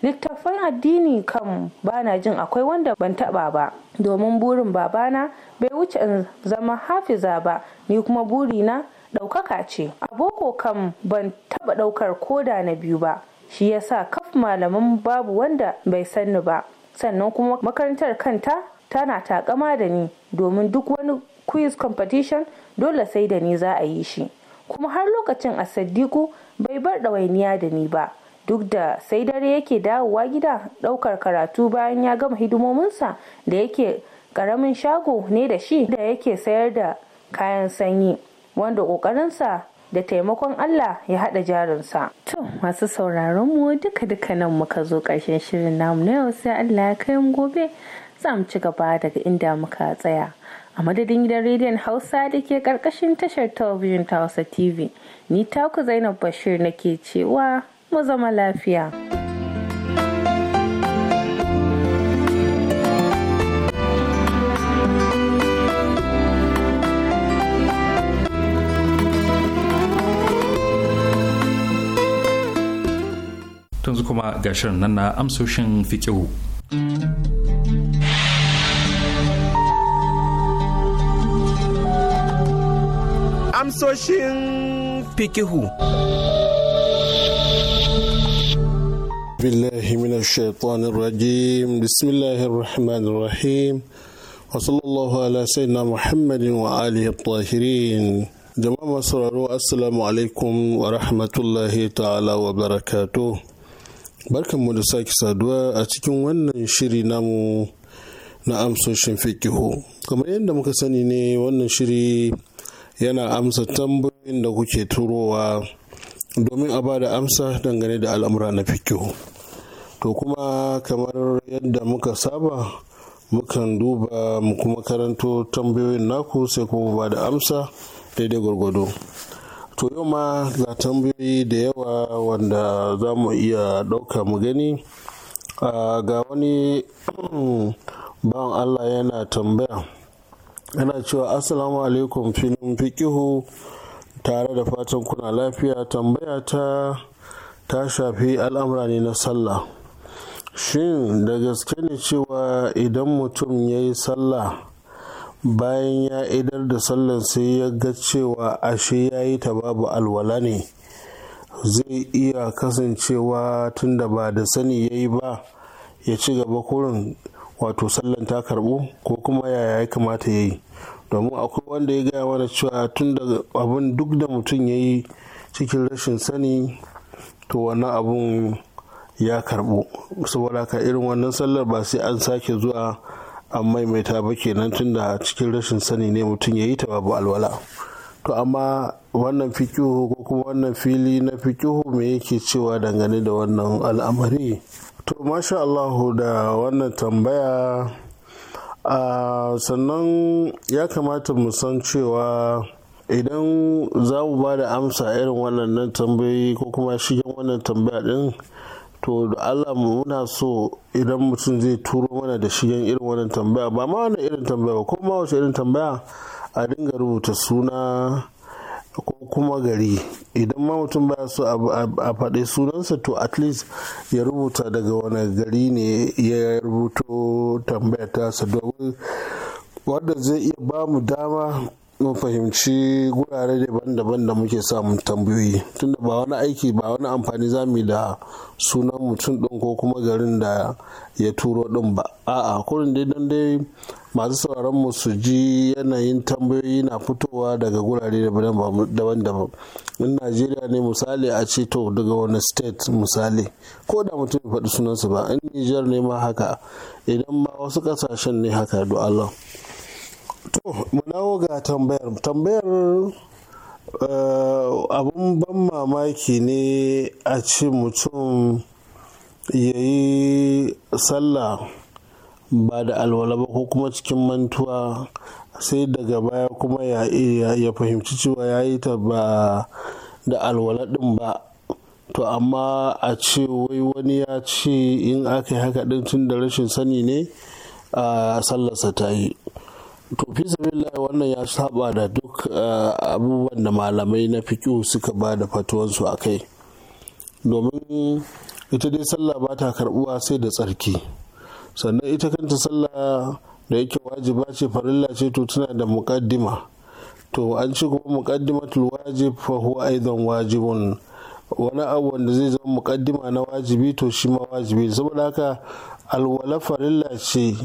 littattafan addini kan bana jin akwai wanda ban taba ba domin burin babana bai wuce in zama hafiza ba ni kuma burina ɗaukaka ce a boko kan ban taba ɗaukar koda na biyu ba shi yasa kaf malaman babu wanda bai sanni ba sannan kuma makarantar kanta tana takama da ni domin duk wani quiz competition dole sai da ni za a yi shi kuma har lokacin a bai bar ɗawainiya da ni ba duk da sai dare yake dawowa gida ɗaukar karatu bayan ya gama hidimominsa da yake karamin shago ne da shi da yake sayar da kayan sanyi wanda ƙoƙarinsa da taimakon Allah ya haɗa jarinsa. To masu sauraron mu duka-duka nan muka zo karshen shirin namu na yau sai Allah ya kai mu gobe za mu ci gaba daga inda muka tsaya. A madadin gidan rediyon Hausa da ke ƙarƙashin tashar talabijin ta Hausa TV, ni taku Zainab Bashir nake cewa mu zama lafiya. Tunzu kuma ga nan na amsoshin fikihu. Amsoshin fikihu. بالله من الشيطان الرجيم بسم الله الرحمن الرحيم وصلى الله على سيدنا محمد وآله الطاهرين sauraro assalamu alaikum wa rahmatullahi ta'ala wa barakatu barkanmu da sake saduwa a cikin wannan shiri namu na amsoshin fikihu kamar yadda muka sani ne wannan shiri yana amsa tambayoyin da kuke turowa domin a ba da amsa dangane da al'amura na fikihu to kuma kamar yadda muka saba mukan duba mu kuma karanto tambayoyin naku sai kuma ba da amsa daidai gwargwado to yau ma ga tambayoyi da yawa wanda za mu iya ɗauka mu gani ga wani ban allah yana tambaya yana cewa asalamu alaikum filin fikihu tare da fatan kuna lafiya tambaya ta ta shafi al'amura ne na sallah shin da gaske ne cewa idan mutum ya yi sallah bayan ya idar da sallar sai ya ga cewa ashe ya yi ta babu alwala ne zai iya kasancewa tun da ba da sani ya yi ba ya ci gaba kurin wato sallan ta karbu ko kuma yaya ya kamata ya yi domin akwai wanda ya gaya mana cewa tun da abin duk da mutum ya yi cikin rashin sani to wannan abun ya karbo saboda ka irin wannan sallar ba sai an sake zuwa an maimaita ba kenan da cikin rashin sani ne mutum ya yi ta babu alwala to amma wannan fikihu ko kuma wannan fili na fikihu me yake cewa dangane da wannan al'amari to masha Allahu da wannan tambaya a sannan ya kamata mu san cewa idan za mu ba da amsa irin wannan tambayi ko kuma shigen wannan tambaya din to da Allah muna so idan mutum zai turo mana da shigen irin wannan tambaya ba ma wannan irin tambaya ba ko ma irin tambaya a dinga rubuta suna ko kuma gari idan ma mutum baya so a faɗi sunansa to at least ya rubuta daga wani gari ne ya rubuto tambaya ta domin wanda zai iya ba mu dama mun fahimci gurare daban-daban da muke samun tambayoyi tunda ba wani aiki ba wani amfani zamu da sunan mutum ɗin ko kuma garin da ya turo ɗin ba a'a kurin dai don dai masu sauraron mu su ji yanayin tambayoyi na fitowa daga gurare daban-daban in najeriya ne misali a ce to daga wani state misali ko da mutum ya faɗi sunansa ba in nijar ne ma haka idan ma wasu ƙasashen ne haka do Allah to mu dawo ga tambayar tambayar eh, abun ban mamaki ne a ce mutum ya yi sallah ba da alwala ba ko kuma cikin mantuwa sai daga baya kuma ya fahimci cewa ya yi ta ba da alwala din ba to amma a ce wai wani ya ce in aka yi haka din tun da rashin sani ne a ah, sallarsa ta yi to fi wannan ya saba da duk eh, abubuwan da malamai na fiƙi suka ba da fatuwansu a kai domin ita dai sallah ba ta karɓuwa sai da tsarki sannan ita kanta sallah da yake wajiba ce farilla ce to tana da muƙaddima to an ci kuma muƙaddimatul wajib fa huwa aidan wajibun wani abu wanda zai zama muƙaddima na wajibi to shi ma wajibi saboda haka alwala farilla ce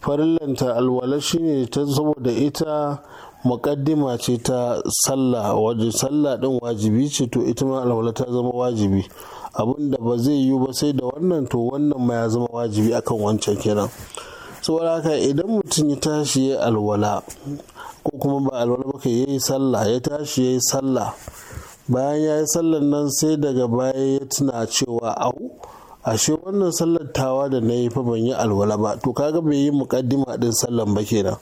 farillanta alwala shine ta saboda ita muƙaddima ce ta sallah waje sallah din wajibi ce to ita ma alwala ta zama wajibi abin da ba zai yiwu ba sai da wannan to wannan ma ya zama wajibi akan wancan kenan saboda haka idan mutum ya tashi ya alwala ko kuma ba alwala ba ka yi sallah ya tashi ya yi sallah bayan ya yi sallan nan sai daga baya ya tuna cewa au ashe wannan sallar tawa da na yi fa ban yi alwala ba to kaga bai yi mukaddima din sallan ba kenan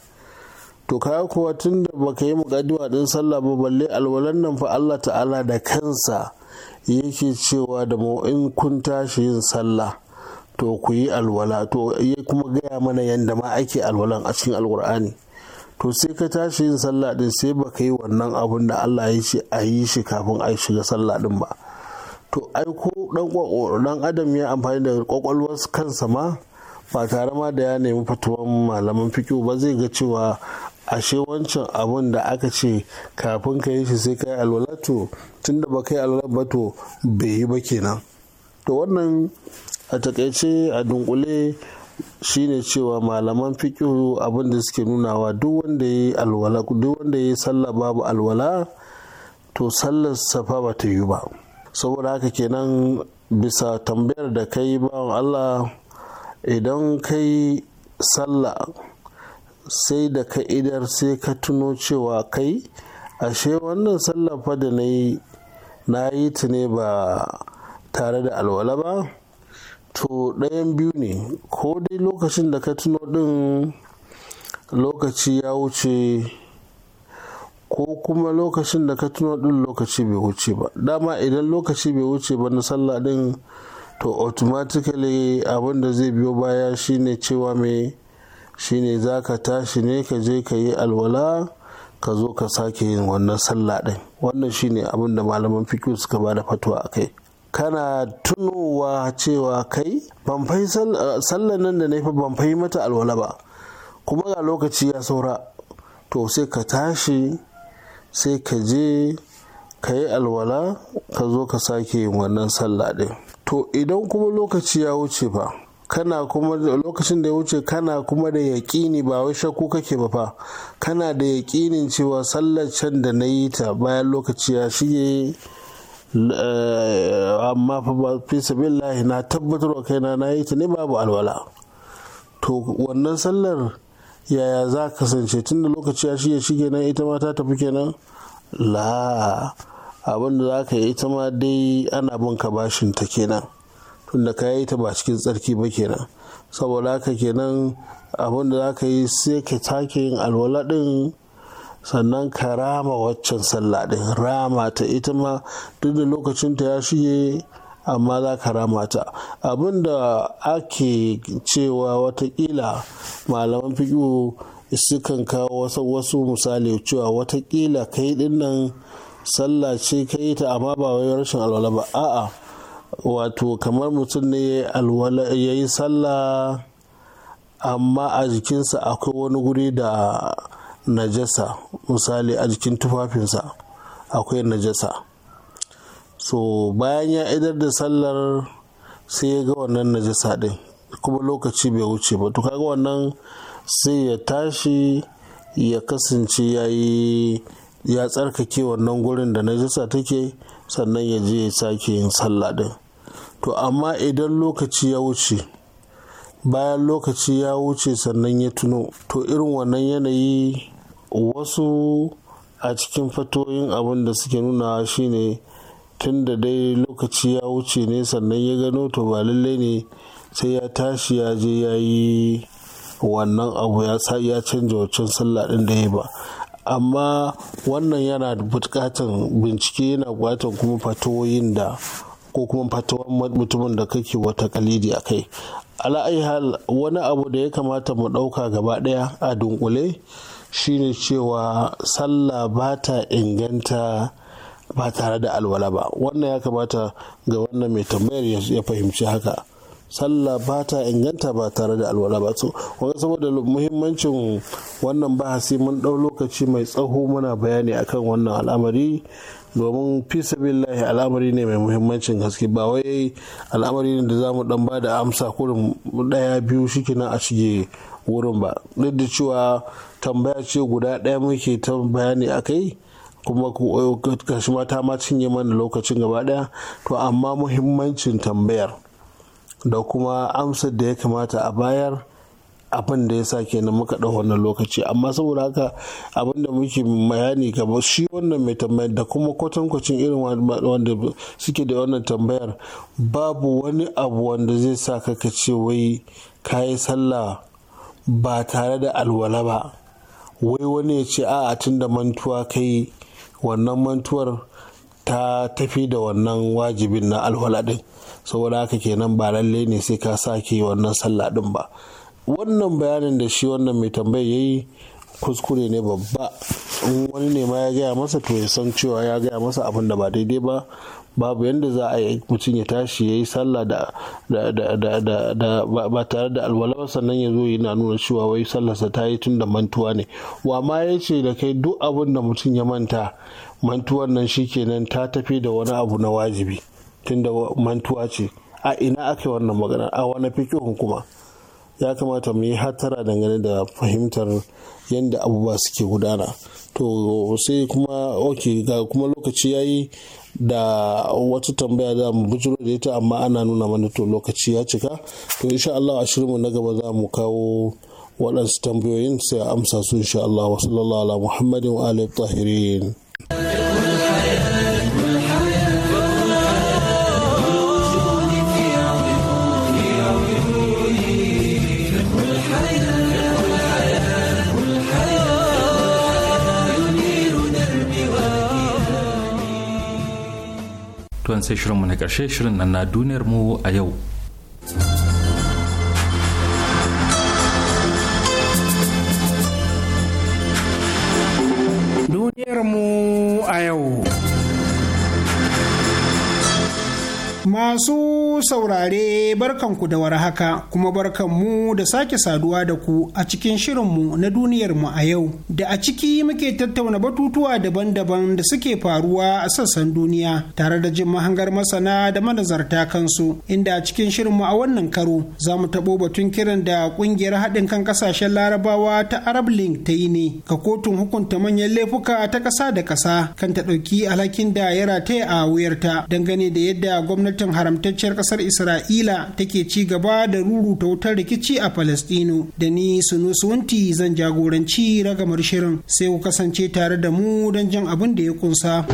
to kaga kuwa tunda baka yi mukaddima din sallah ba balle alwalan nan fa Allah ta'ala da kansa yake cewa da mu in kun tashi yin salla to ku yi alwala to ya kuma gaya mana yadda ma ake alwalan a cikin alkur'ani to sai ka tashi yin sallah din sai baka yi wannan abun da Allah ya ce a yi shi kafin a shiga sallah din ba to ai ko dan adam ya amfani da kwakwalwar kansa ma ba tare ma da ya nemi fatuwan malaman fiki ba zai ga cewa ashe wancan abun da aka ce kafin ka yi shi sai ka yi alwala to tunda ba ka yi alwala ba to bai yi ba kenan to wannan a takaice a dunkule shine cewa malaman fikihu abin da suke nunawa duk wanda ya yi alwala duk wanda ya yi sallah babu alwala to sallar safa ba ta yi ba saboda haka kenan bisa tambayar da kai bawan allah idan kai sallah sai da ka idar sai ka tuno cewa kai ashe wannan sallah fa da na yi na yi ta ne ba tare da alwala ba to ɗayan biyu ne ko dai lokacin da ka tuno ɗin lokaci ya wuce ko kuma lokacin da ka tuno din lokaci bai wuce ba dama idan lokaci bai wuce ba na sallah din to automatically abin da zai biyo baya shine cewa mai shine za ka tashi ne ka je ka yi alwala ka zo ka sake yin wannan sallah din wannan shine abin da malaman fikir suka ba da fatwa kai kana tunowa cewa kai ban eh, sallan nan da na fa ban mata alwala ba kuma ga lokaci ya saura to sai ka tashi sai ka je ka yi alwala ka zo ka sake yin wannan sallah ɗin to idan kuma lokaci ya wuce ba kana kuma lokacin da ya wuce kana kuma da yaƙini ba wai shakku kake ba fa kana da yaƙinin cewa sallar can da na yi ta bayan lokaci ya shige eh, amma fa ba fi sabillahi na tabbatar wa kaina na yi ta ne babu alwala to wannan sallar yaya za ka kasance tun da lokaci ya shige shige nan ita ma ta tafi kenan la abin da za ka yi ita ma dai ana bin ka bashin ta kenan tun da ka yi ta ba cikin tsarki ba kenan saboda haka kenan abin da za ka yi sai ka take yin alwala din sannan ka rama waccan sallah din rama ta ita ma duk da lokacin ta ya shige amma za ka rama ta abinda ake cewa watakila malaman fiƙo sukan kawo wasu misali cewa watakila kai dinnan sallah ce ka yi ta amma ba wai rashin alwala ba a'a wato kamar mutum ne ya yi sallah amma a jikinsa akwai wani guri da najasa misali a jikin tufafinsa akwai najasa so bayan ya idar da sallar sai ya ga wannan najasa din kuma lokaci bai wuce ba to kaga wannan sai ya tashi ya kasance ya yi ya tsarkake wannan gurin da najasa take sannan ya je ya sake yin sallah din to amma idan lokaci ya wuce bayan lokaci ya wuce sannan ya tuno to irin wannan yanayi wasu a cikin fatoyin abin da suke nunawa shine tun da dai lokaci ya wuce ne sannan ya gano to ba lallai ne sai ya tashi ya je ya yi wannan abu ya sa ya canja sallah din da ya ba amma wannan yana buƙatan bincike yana buƙatan kuma fatoyin da ko kuma fatawan mutumin da kake wata kalidi a kai hal wani abu da ya kamata mu ɗauka gaba ɗaya a dunkule shine cewa sallah ba ta inganta ba tare da alwala ba wannan ya kamata ga wannan mai tambayar ya fahimci haka sallah ba ta inganta ba tare da alwala ba wani saboda muhimmancin wannan bahasi mun ɗau lokaci mai tsaho muna bayani akan wannan al'amari domin fi fisabillahi al'amari ne mai muhimmancin gaske ba wai al'amari ne da za mu dan ba da amsa kurin ɗaya biyu shikenan a shige wurin ba duk da cewa tambaya ce guda ɗaya muke ta bayani a kai kuma eh, gashi shi ta ma cinye mana lokacin gaba daya to amma muhimmancin tambayar da kuma amsar da ya kamata a bayar abin da ya sa kenan muka ɗau wannan lokaci amma saboda haka abin da muke bayani gaba shi wannan mai tambayar da kuma kwatankwacin irin wanda suke da wannan tambayar babu wani abu wanda zai sa ka ce wai kayi sallah ba tare da alwala ba wai wani ya ce a'a tun da mantuwa kai wannan mantuwar ta tafi da wannan wajibin na alwala din saboda haka kenan ba lalle ne sai ka sake wannan sallah din ba wannan bayanin da shi wannan mai tambaya yi kuskure ne babba wani ne ma ya gaya masa to ya san cewa ya gaya masa abin da ba daidai ba babu yadda za a yi mutum ya tashi ya yi sallah da ba tare da alwala ba sannan ya zo yana nuna cewa wai sallarsa ta yi tun da mantuwa ne wa ma ya ce da kai duk abin da mutum ya manta mantuwan nan shi shikenan ta tafi da wani abu na wajibi tun da mantuwa ce a ina aka yi wannan magana a wani fikihun kuma ya kamata mu yi hatara dangane da fahimtar yadda abubuwa suke gudana to sai kuma ga kuma lokaci ya yi da wata tambaya za mu bijiro da ita amma ana nuna mana to lokaci ya cika to insha Allah a shirinmu na gaba za mu kawo waɗansu tambayoyin sai amsa su insha Allah wa sallallahu ala muhammadin wa alihi tahirin tuwan sai shirinmu na ƙarshe shirin nan na duniyar mu a yau duniyar mu a yau Masu saurare barkanku da warhaka kuma barkanmu da sake saduwa da ku a cikin shirinmu na duniyarmu a yau da a ciki muke tattauna batutuwa daban-daban da suke faruwa a sassan duniya tare da jin mahangar masana da manazarta kansu inda a cikin shirinmu a wannan karo za mu taɓo batun kiran da ƙungiyar haɗin kan ƙasashen larabawa ta Arab Link ta yi ne ga kotun hukunta manyan laifuka ta ƙasa da ƙasa kan ta ɗauki alhakin da ya rataya a wuyarta dangane da yadda gwamnati gwamnatin haramtacciyar kasar isra'ila take ci gaba da ruruta wutar rikici a falastinu da ni sunusunti zan jagoranci ragamar shirin sai ku kasance tare da mu don jin abin da ya kunsa.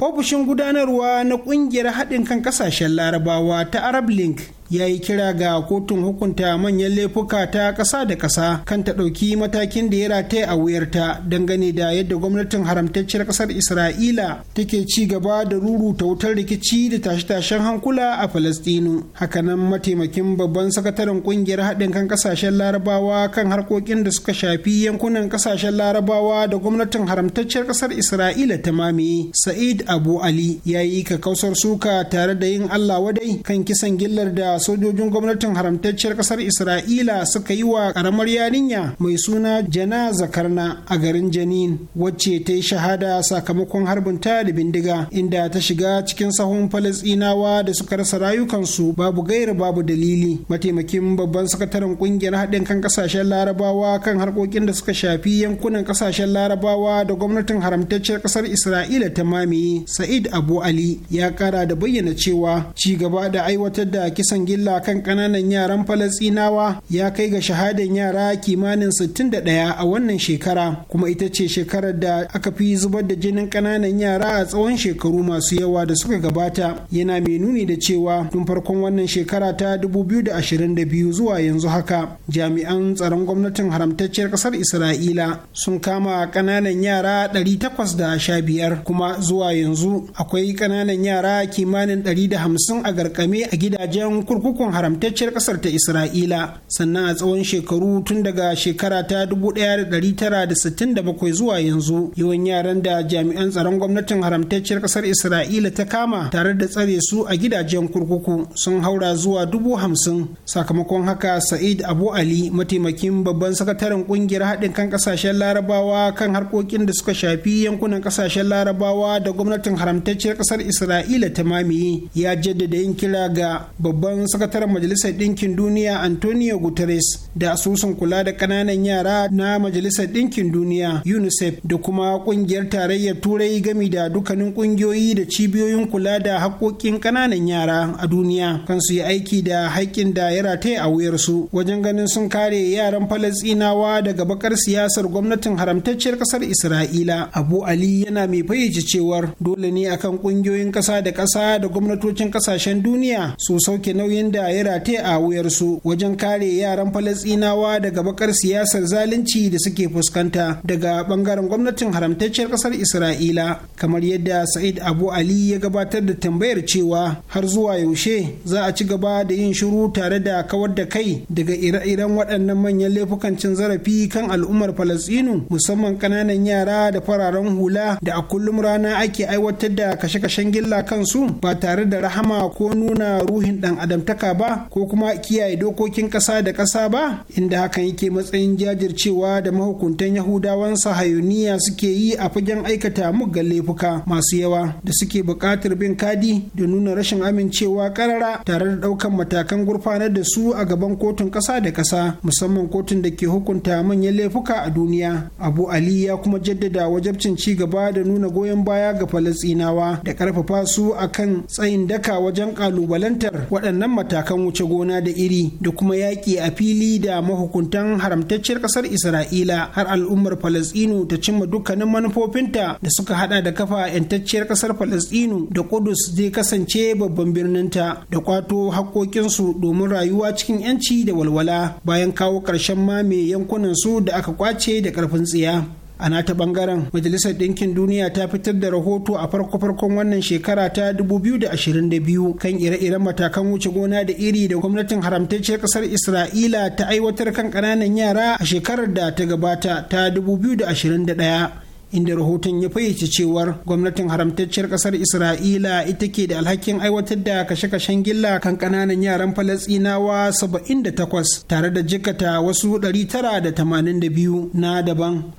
ofishin gudanarwa na kungiyar haɗin kan ƙasashen larabawa ta arab link ya yi kira ga kotun hukunta manyan laifuka ta ƙasa da ƙasa kan ta ɗauki matakin da ya rataya a wuyarta dangane da yadda gwamnatin haramtacciyar ƙasar isra'ila take ci gaba da ruruta wutar rikici da tashe-tashen hankula a falastinu hakanan mataimakin babban sakataren ƙungiyar haɗin kan ƙasashen larabawa kan harkokin da suka shafi yankunan ƙasashen larabawa da gwamnatin haramtacciyar ƙasar isra'ila ta mamaye sa'id abu ali ya yi kakausar suka tare da yin allah wadai kan kisan gillar da sojojin gwamnatin haramtacciyar kasar isra'ila suka yi wa karamar yarinya mai suna jana zakarna a garin janin wacce ta yi shahada sakamakon harbin ta da bindiga inda ta shiga cikin sahun falasɗinawa da suka rasa rayukansu babu gaira babu dalili mataimakin babban sakataren kungiyar haɗin kan kasashen larabawa kan harkokin da suka shafi yankunan kasashen larabawa da gwamnatin haramtacciyar kasar isra'ila ta mamaye sa'id abu ali ya kara da bayyana cewa ci gaba da aiwatar da kisan gilla kan ƙananan yaran falasinawa ya kai ga shahadan yara kimanin 61 a wannan shekara kuma ita ce shekarar da aka fi zubar da jinin ƙananan yara a tsawon shekaru masu yawa da suka gabata yana mai nuni da cewa tun farkon wannan shekara ta 2022 zuwa yanzu haka jami'an tsaron gwamnatin haramtacciyar ƙasar isra'ila sun kama ƙananan yara 815 kuma zuwa yanzu akwai ƙananan yara kimanin 150 a garkame a gidajen kurkuku kurkukun haramtacciyar kasar ta isra'ila sannan a tsawon shekaru tun daga shekara ta 1967 zuwa yanzu yawan yaran da jami'an tsaron gwamnatin haramtacciyar kasar isra'ila ta kama tare da tsare su a gidajen kurkuku sun haura zuwa dubu hamsin sakamakon haka sa'id abu ali mataimakin babban sakataren kungiyar haɗin kan kasashen larabawa kan harkokin da suka shafi yankunan kasashen larabawa da gwamnatin haramtacciyar kasar isra'ila ta mamaye ya jaddada yin kira ga babban sakataren majalisar ɗinkin duniya antonio guterres da asusun kula da ƙananan yara na majalisar ɗinkin duniya unicef da kuma ƙungiyar tarayyar turai gami da dukkanin ƙungiyoyi da cibiyoyin kula da haƙƙoƙin ƙananan yara a duniya kan suyi yi aiki da haƙƙin da ya rataye a wuyarsu wajen ganin sun kare yaran falasɗinawa daga bakar siyasar gwamnatin haramtacciyar ƙasar isra'ila abu ali yana mai fayyace cewar dole ne akan ƙungiyoyin ƙasa da ƙasa da gwamnatocin ƙasashen duniya su sauke nauyin nauyin da ya rate a wuyarsu wajen kare yaran falasinawa daga bakar siyasar zalunci da suke fuskanta daga bangaren gwamnatin haramtacciyar kasar isra'ila kamar yadda sa'id abu ali ya gabatar da tambayar cewa har zuwa yaushe za a ci gaba da yin shiru tare da kawar da kai daga ire-iren waɗannan manyan laifukan cin zarafi kan al'ummar falasinu musamman kananan yara da fararen hula da a kullum rana ake aiwatar da kashe-kashen gilla kansu ba tare da rahama ko nuna ruhin ɗan adam dangantaka ba ko kuma kiyaye dokokin ƙasa da ƙasa ba inda hakan yake matsayin jajircewa da mahukuntan yahudawan sahayuniya suke yi a fagen aikata muggan laifuka masu yawa da suke buƙatar bin kadi da nuna rashin amincewa ƙarara tare da ɗaukan matakan gurfanar da su a gaban kotun ƙasa da ƙasa musamman kotun da ke hukunta manyan laifuka a duniya abu ali ya kuma jaddada wajabcin ci gaba da nuna goyon baya ga falastinawa da ƙarfafa su akan tsayin daka wajen ƙalubalantar waɗannan yan matakan wuce gona da iri da kuma yaƙi a fili da mahukuntan haramtacciyar ƙasar isra'ila har al'ummar falastinu ta cimma dukkanin manufofinta da suka haɗa da kafa 'yantacciyar ƙasar falastinu da kudus zai kasance babban birninta da kwato haƙƙoƙinsu domin rayuwa cikin 'yanci da walwala bayan kawo ƙarshen mame yankunan su da aka kwace da ƙarfin tsiya a nata bangaren majalisar ɗinkin duniya ta fitar da rahoto a farko-farkon wannan shekara ta 2022 kan ire-iren matakan wuce gona da iri da gwamnatin haramtacciyar ƙasar isra'ila ta aiwatar kan ƙananan yara a shekarar da ta gabata ta 2021 inda rahoton ya fayyace cewar gwamnatin haramtacciyar kasar isra'ila ita ke da alhakin aiwatar da kashe-kashen gilla kan kananan yaran falasinawa 78 tare da jikata wasu 982 na daban.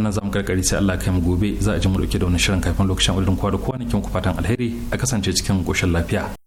da zamu karkari sai Allah kai mu gobe za a ji mu dauke da wani shirin kafin lokacin udurin kwa da kwanakin ku fatan alheri a kasance cikin koshin lafiya